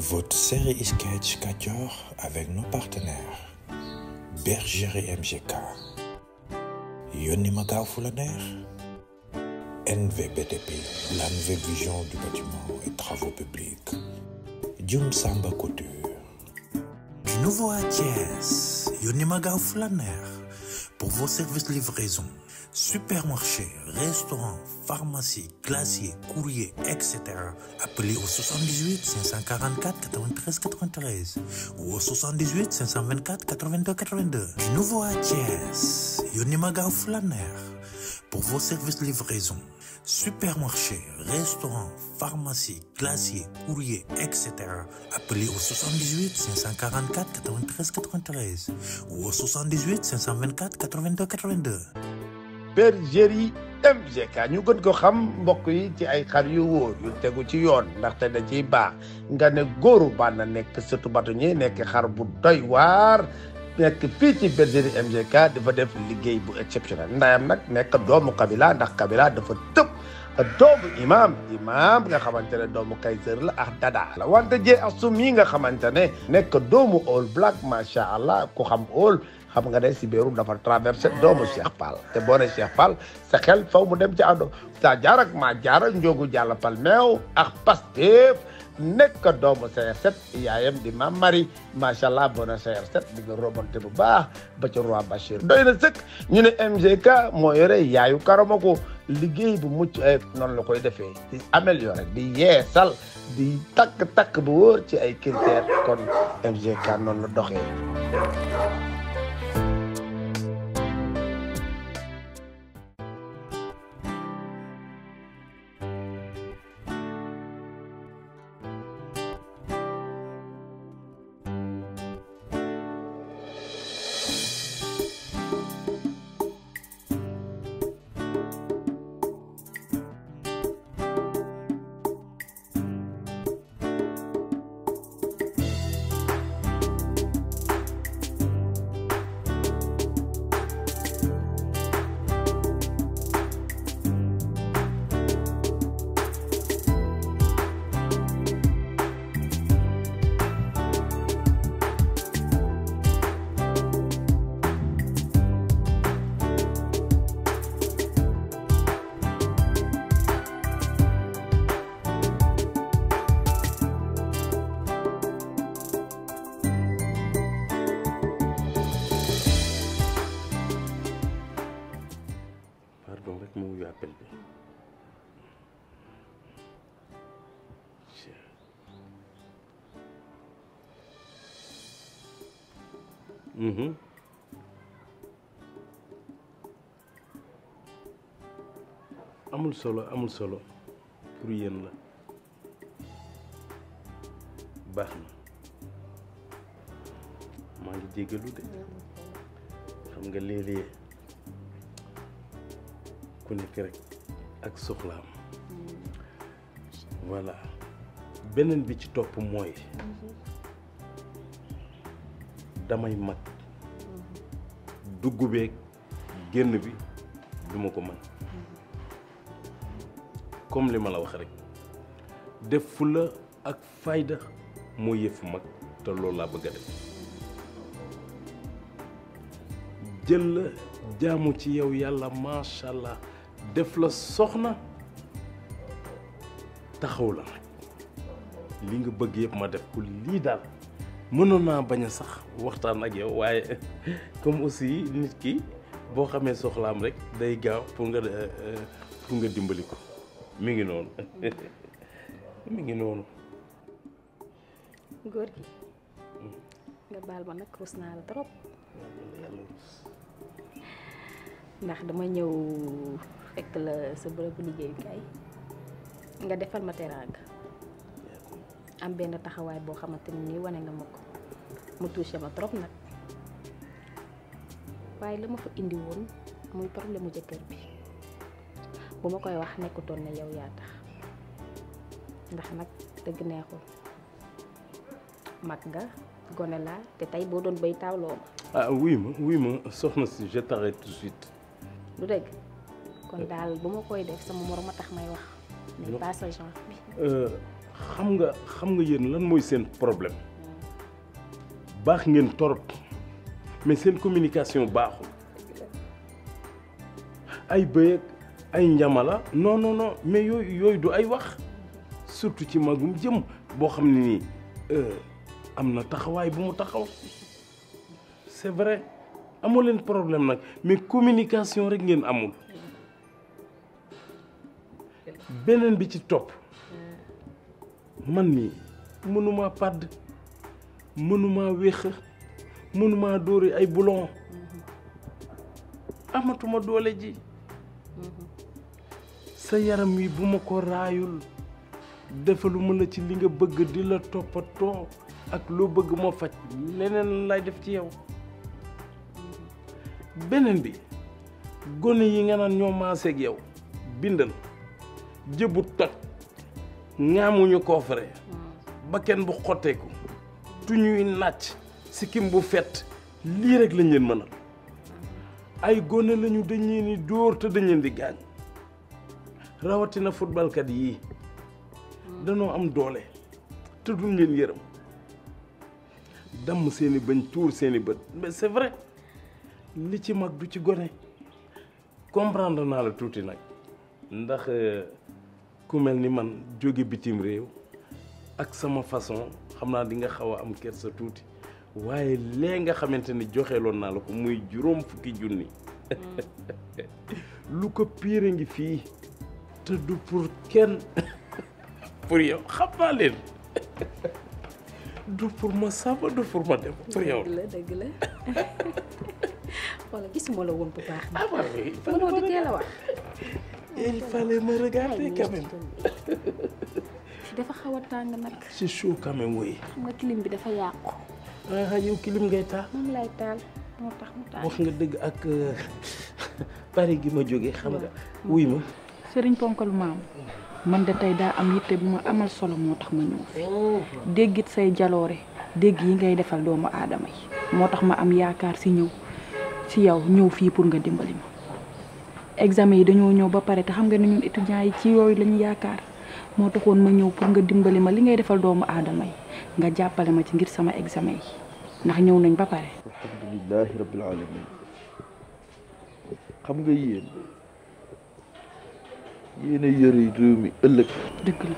Votre série Sketch heures avec nos partenaires et MGK, Yoni NVBDP, NVBTP, nouvelle Vision du bâtiment et travaux publics, Djum Samba Couture. Du nouveau à Yonimagao Yoni pour vos services livraison. Supermarché, restaurant, pharmacie, glacier, courrier, etc. Appelez au 78 544 93 93 ou au 78 524 82 82. Du nouveau à Thiès, ou Flaner pour vos services livraison. supermarché, restaurant, pharmacie, glacier, courrier, etc. Appelez au 78 544 93 93 ou au 78 524 82 82. bergerie MGK ñu gën ko xam mbokk yi ci ay xar yu wóor yu tegu ci yoon ndaxte da ciy baa nga ne góoru bànn nekk surtout ñi nekk xar bu doy waar nekk fii ci bergerie MGK dafa def liggéey bu exceptionnel ndaayam nag nekk doomu kabila ndax kabila dafa tëb doomu imaam imaam nga xamante ne doomu kaysër la ak dadaa la wante jee asum yi nga xamante ne nekk doomu all black macha allah ku xam all xam nga day si beerum dafa traverser doomu Cheikh Fall te boo Cheikh Fall sa xel faw mu dem ci ando sa jaar ak maa jaar ak njogu jàll pal ak Pastef nekk doomu cheikh set yaayam di maam ma macha allah boo ne CR7 di nga bu baax ba ci roi bashir doyna seuk ñu ne MGK mo yore yaayu karamako liggéey bu mucc ayib non la koy defee di améliorer di yéssal di tak tak bu wor ci ay critères kon MGK non la doxee. Угу. amul solo amul solo pour yéen la baax na maa ngi jéggalu de xam nga léeg-léeg ku nekk rek ak soxlaam voilà beneen bi ci topp mooy mhm. damay mag dugg beeg génn bi du ma ko mën comme li ma la wax rek def fulla ak fayda moo yëfu mag te loolu laa bëgg a def jël la jaamu ci yow yàlla macha allah def la soxna taxaw la nag li nga bëgg yëpp ma def ko lii daal. mënona baña sax waxtaan ak yow waaye comme aussi nit ki boo xamee soxlaam rek day gaaw pour nga euh, euh, pour nga dimbali ko mi ngi noonu mi ngi noonu. góor gi nga baal ma nag rus naa la trop ndax dama ñëw fekk la sa bërëbu liggéeyukaay nga defal ma teraanga. am benn taxawaay boo xamante ne nii wane nga ma ko mu touché ma trop nag waaye la ma fa indi woon muy problème mu jëkkër bi bu ma koy wax nekkutoon ne yaw yaa tax ndax nag dëgg neexul mag nga gone laa te tey boo doon bay taawloo ma. ah oui ma oui ma soxna si je t'arrête tout suite. lu dëgg kon daal bu ma koy def sama moroom a tax may wax. mais pas bi. Euh, xam nga xam nga yéen lan mooy seen problème baax ngeen torop mais seen communication baaxul ay bëy ay njamala non non non mais yooyu yooyu du ay wax surtout ci magum jëm boo xam ne nii euh, am na taxawaay bu mu taxaw c'est vrai amoo leen problème nag mais communication rek ngeen amul beneen bi ci topp man mii mënuma pàdd mënuma wéex mënuma dóori ay boulon mm-hmm. amatuma doole ji mm-hmm. sa yaram wi bu ma ko raayul defaluma la ci li nga bëgg di la toppatoo ak loo bëgg moo faj leneen lay def ci yow mm-hmm. beneen bi gone yi nga naan ñoo maaseeg yow bindal jëbu toj ñaamuñu coffre bakken bu xotteeku ñuy nàcc sikkim bu fett lii rek lañ leen mënal ay gone lañu dañ leen dóor te dañ leen di gaañ rawatina footballkat yii danoo am doole te duñ leen yërëm damm seeni bañ tuur seeni bët mais c'est vrai li ci mag du ci gone comprendre naa la tuuti nag ndax euh, ku melni ni man jogi bitim rew ak sama façon xamna di nga xawa am am sa touti waye le nga xamanteni ni joxeeloon na muy juróom fukki jooni mm. lu ko pire ngi fi te du pour ken pour yow xamna len du pour ma sàmba du pour ma dem pour yow la deug la wala gisuma la won bu baax ah, di wax il fallait me regarder quand même. dafa xaw a tàng nag. c'est chaud quand même oui. xam nga clim bi dafa yàqu. ah yow clim ngay taal. moom lay taal moo mu taal. wax nga dëgg ak euh, Paris gi ma jógee xam nga wuy ma. Ponkal man de am yitte bu ma amal solo moo ma ñëw fi say jaloore dégg yi ngay defal doomu aadama yi ma am yaakaar si yow pour nga dimbali ma. examen yi dañoo ñëw ba pare te xam nga ni ñun étudiants yi ci yooyu lañu yaakaar moo taxoon ma ñëw pour nga dimbali ma li ngay defal doomu aadama yi nga jàppale ma ci ngir sama examen yi ndax ñëw nañ ba pare. alhamdulilahi rabbil alamin xam nga yéen yéen a yore réew mi ëllëg. dëgg la.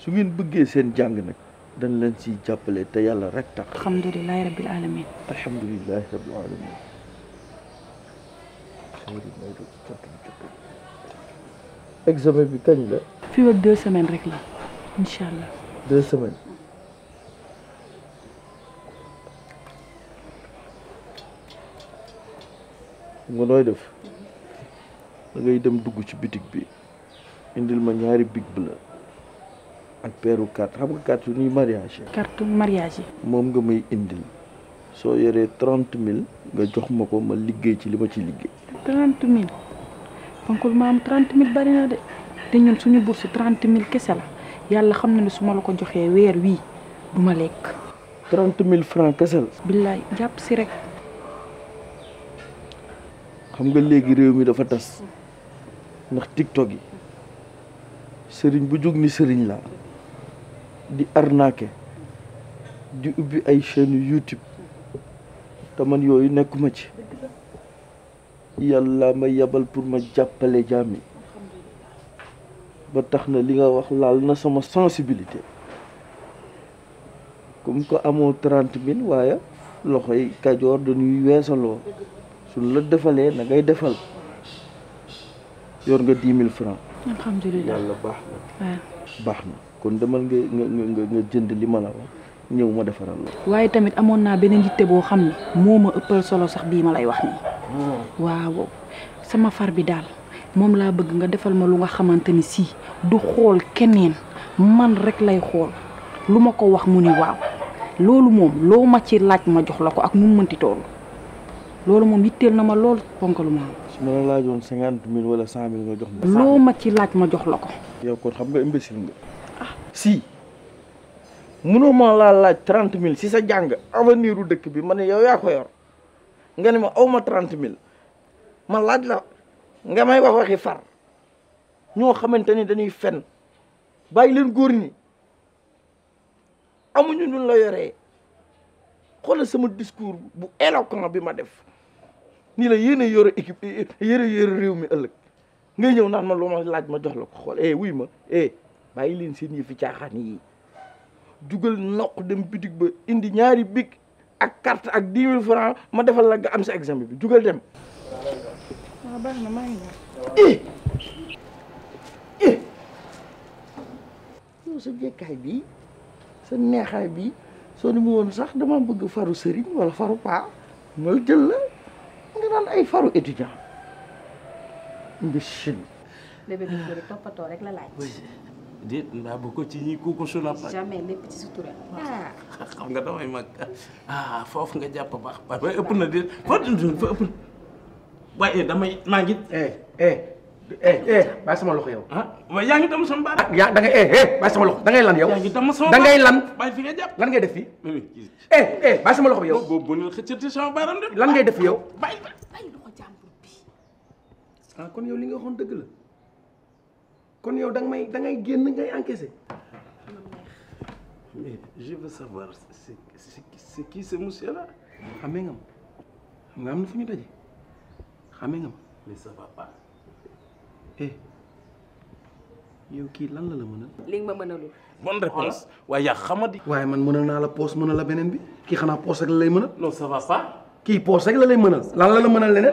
su ngeen bëggee seen jàng nag dañ leen siy jàppale te yàlla rek tax. alhamdulilahi rabbil alamin. alhamdulilahi rabbil alamin. examen bi kañ la. fii ak deux semaines rek la incha allah. deux semaines. nga nooy def dangay dem dugg ci bitig bi indil ma ñaari big bleu ak peeru carte xam nga carte yu ñuy mariage yi. moom nga may indil soo yoree trent mille nga jox ma ko ma liggéey ci li ma ci liggéey. trente mille fonkul maam trente mille bari na de te ñun suñu bourse trente mille kese la yàlla xam na ne su ma la ko joxee weer wii du ma lekk. trente mille francs kese la. billaay jàpp si rek. xam nga léegi réew mi dafa tas ndax tiktok yi sëriñ bu jóg ni sëriñ la di arnake di ubbi ay chaîne YouTube te man yooyu nekkuma ci. yalla ya ma yabal pour ma jappalé ya jami ba taxna na li nga wax lal na sama sensibilité kum que amoo trente mille waaye ya, loxoy de dañuy wessalo su la defalé na ngay defal yor nga 10000 francs alhamdulilah yalla baxna na baax kon demal nga nga nga jënd li mala wax ñew ma defaral la tamit amon na benen yitte bo xamni moma eppal ma solo sax bi ma wax ni waaw sama far bi daal moom laa bëgg nga defal ma lu nga xamante ni si du xool keneen man rek lay xool lu ma ko wax mu ni waaw loolu moom loo ma ci laaj ma jox la ko ak nu mu mënti toll loolu moom yitteel na ma lool ponkalu ma su ma la laajoon cinquante mille wala cent mille nga jox ma loo ma ci laaj ma jox la ko yow kon xam nga imbécile nga si mënoo ma laa laaj trente mille si sa jàng avenir u dëkk bi ma ne yow yaa ko yor nga ne ma aw ma trente mille ma laaj la nga may wax waxi far ñoo xamante ni dañuy fen bàyyi leen góor ni amuñu ñun la yoree xoolal sama discours bu éloquent bi ma def nii la yéen a yore équipe yére yore réew mi ëllëg nga ñëw naan ma loo ma laaj ma jox la ko xool eh wuy ma eh bàyyi leen seen fi caaxaan yi dugal noq dem bitig ba indi ñaari big ak carte ak dix mille ma defal la nga am sa exemple bi jugal dem. waaw ah, baax eh! Eh! sa jekkaay bi sa neexaay bi soo ni mu woon sax dama bëgg faru sëriñ wala faru paa ma jël la nga naan ay faru étudiant. imbécile. toppatoo rek la laaj. Naboko Chinyi Kukoso Lapa. Jamais, les petits soutourés. Ah, nah. kamu nggak tahu emang. Ah, fof nggak jawab apa apa. Baik, eh, open apa Fof, open. Eh, baik, damai ya, nangit. Eh, eh, eh, eh, bahas sama lo kau. Hah? Yang kita mau sembar. Ya, dengan eh, eh, bahas sama lo. Dengan lan ya. Yang kita mau sembar. Dengan lan. Baik, fikir jawab. Lan nggak defi. Eh, eh, bahas sama lo kau. Bo, bonil kecil tuh sama barang deh. Lan nggak defi yo. Baik, baik, baik, lo kau campur. Ah, kon yo lingga kon degil kon yow dang may dang ay genn ngay encaissé mais je veux savoir c'est c'est qui ce monsieur là xamé nga ma nga am na fu ñu daje nga mais ça va pas eh yow kii lan la la mënal li ma mënalul bonne réponse Wah ya xamadi waaye man mana lalu la poos mënal la beneen bi kii xanaa poos rek la lay mënal non ça va pas mana poos rek la lay mënal lan la la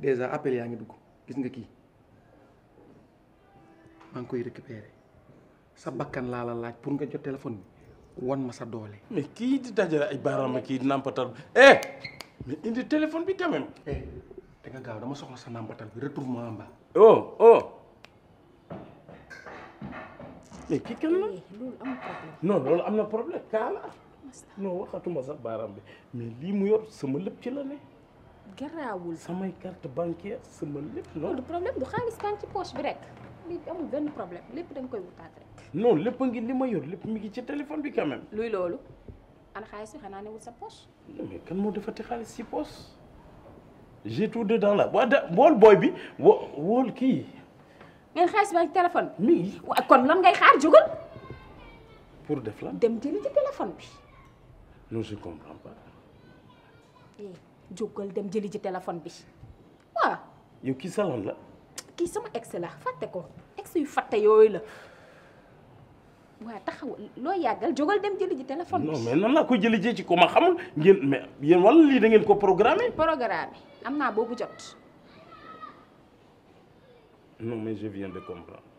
déjà appel yaa ngi dugg gis nga kii maa ngi koy récupérer sa bakkan laa la laaj pour nga jot téléphone bi wan ma sa doole. mais kii di dajale ay baaraam ak kii di nampatal eh mais indi téléphone bi tamit. eh da nga gaaw dama soxla sa nampatal bi retrouve-moi en bas. oh, oh. mais kii kan eh, loolu am na problème. non loolu am kaa la. non waxatuma sax baaraam bi mais lii mu yor sama lépp ci la ne. garaawul samay carte bancaire sama lépp non du problème du xaalis baa ngi ci poche bi rek lii amul ben problème lépp dang koy wutaat rek non lépp ngi li ma yor lépp mi ngi ci téléphone bi quand même luy loolu ana xaalis xana xanaa wul sa poche mais kan moo defati xaalis ci poche j'ai tout dedans là waa da wool bi wol ki kii ngeen xaalis baa ngi téléphone mi kon lan ngay xaar jugul pour def la dem jëli ci téléphone bi non je comprends pas eh. jógal dem jeli ci téléphone bi wa yow ki salon la. ki sama ex la faté ko ex yu faté yoy la wa taxaw lo yagal dem jeli ci téléphone bi. non mais nan la ko jeli ci ko ma xamul ngeen mais yeen wala li da ngeen ko programmer programmer amna bobu jot. non mais je viens de comprendre.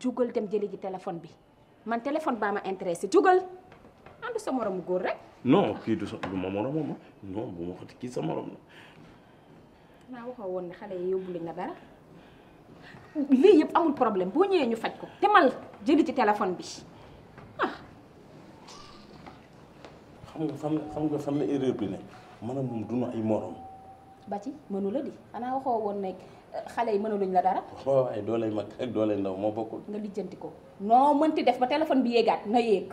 jógal dem jeli ci téléphone bi man téléphone ba ma intéressé jógal ah du sa moromu góor rek. non kii du sa du ma non bu xati kii sa morom la. naa waxoo woon ne xale yi dara lii yëpp amul problème boo ñëwee ñu faj ko demal jëli ci téléphone bi ah. xam nga xam nga fan la erreur bi ne maanaam moom du ay morom. ba ci mënu di xanaa waxoo woon ne xale eh, yi mënuluñ la dara. waaw ay dooley mag ak dooley ndaw moo bokkul. nga lijjanti ko noo mënti def ba téléphone bi yéegaat na yéeg.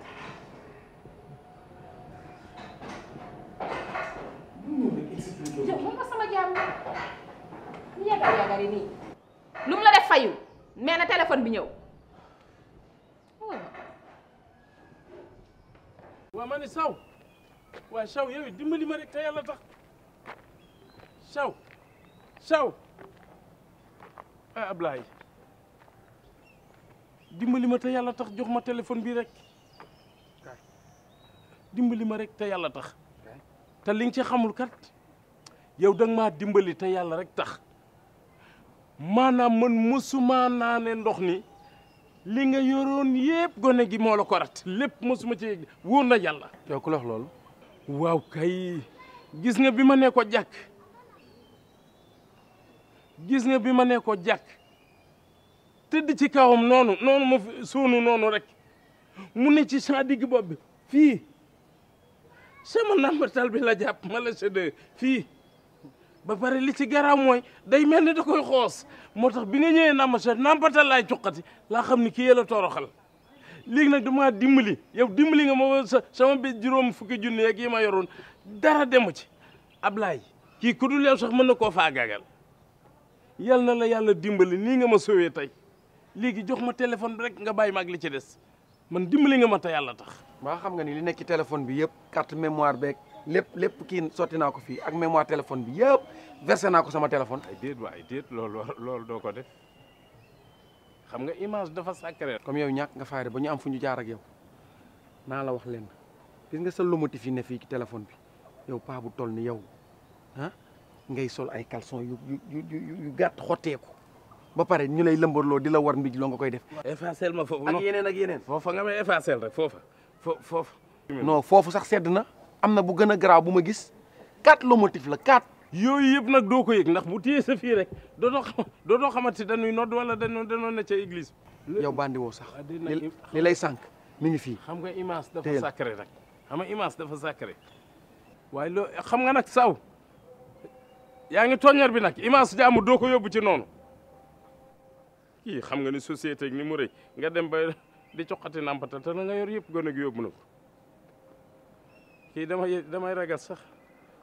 saagari nii lu mu la def fayu mais na téléphone bi ñëw oh. waa ma ne saw waa saw yow dimbali ma rek te yàlla tax saw saw ah Ablaye dimbali ma te yàlla tax jox ma téléphone bii rek dimbali ma rekk te yàlla tax te li nga ci xamul kat yow da nga maa dimbali te yàlla rek tax maanaam man mësuma naane ndox ni li nga yoroon yépp gone gi moo la ko rat lépp mësuma ci wóor na yàlla yow ku lox loolu waaw kay gis nga bi ma nee ko jàkk gis nga bi ma nee ko jàkk tëdd ci kawam noonu noonu ma soonu noonu rek mu ne ci sa digg bopp bi fii sama nambatal bi la jàpp ma la sëdd fii ba pare li ci garaaw mooy day mel ni da koy xoos moo tax bi nga ñëwee naa ma sa nampatal laay cuqati laa xam ni kii yee la toroxal léegi nag damaa dimbali yow dimbali nga ma sa sama bi juróom fukki junni ak yi ma yoroon dara demu ci Ablaye kii ku dul yow sax mën na koo faa gagal na la yàlla dimbali nii nga ma sowee tey léegi jox ma téléphone bi rek nga bàyyi mag ak li ci des man dimbali nga ma te yàlla tax. maa xam nga ni li nekk ci téléphone bi yëpp carte mémoire beeg lépp lépp kii sotti naa ko fii ak mémoire téléphone bi yëpp versé naa ko sama téléphone. ay déet waay déet loolu loolu doo ko def xam nga image dafa sacré. comme yow ñàkk nga faare ba ñu am fu ñu jaar ak yow naa la wax leen gis nga sol sa lomotif yi ne fii ci téléphone bi yow paa bu toll ni yow ah, ngay sol ay caleçon yu yu gàtt xotteeku ba pare ñu lay lëmbaloo di la war mbij loo nga koy def. effacé ma foofu. ak yeneen ak yeneen. foofa nga may effacé rek foofu sax sedd na. am na bu gën a garaaw bu ma gis quatre lomotif la quatre. yooyu yëpp nag doo ko yëg ndax bu téye sa fii rek doo xam dootoo xamante dañuy nodd wala dañoo dañoo ne ca église. yow bandi woo sax ah, li lay sànq mi ngi fii. xam nga image dafa sacré rek xam nga image dafa sacré waaye loo xam nga nag saw yaa ngi tooñar bi nag image jaamu doo ko yóbbu ci noonu i xam nga ni société ni mu rëy nga dem ba di coqati nampata te la nga yor yëpp gën a yóbbu na ko. kii damay damay ragal sax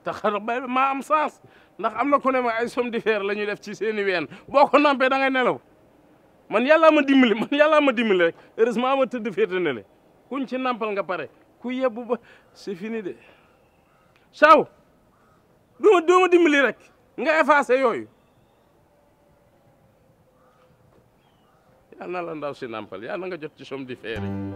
te xar ba ma am sens ndax am na ku ne ma ay somnifères la ñuy def ci seeni ween boo ko nampee da ngay nelaw man yàllaa ma dimbali man yàllaa ma dimbali rek heureusement ma tëdd féete ne le kuñ ci nampal nga pare ku yebbu ba c'est fini de saw dooma dooma rek nga effacé yooyu yal na la ndaw si nampal yal na nga jot ci somnifères yi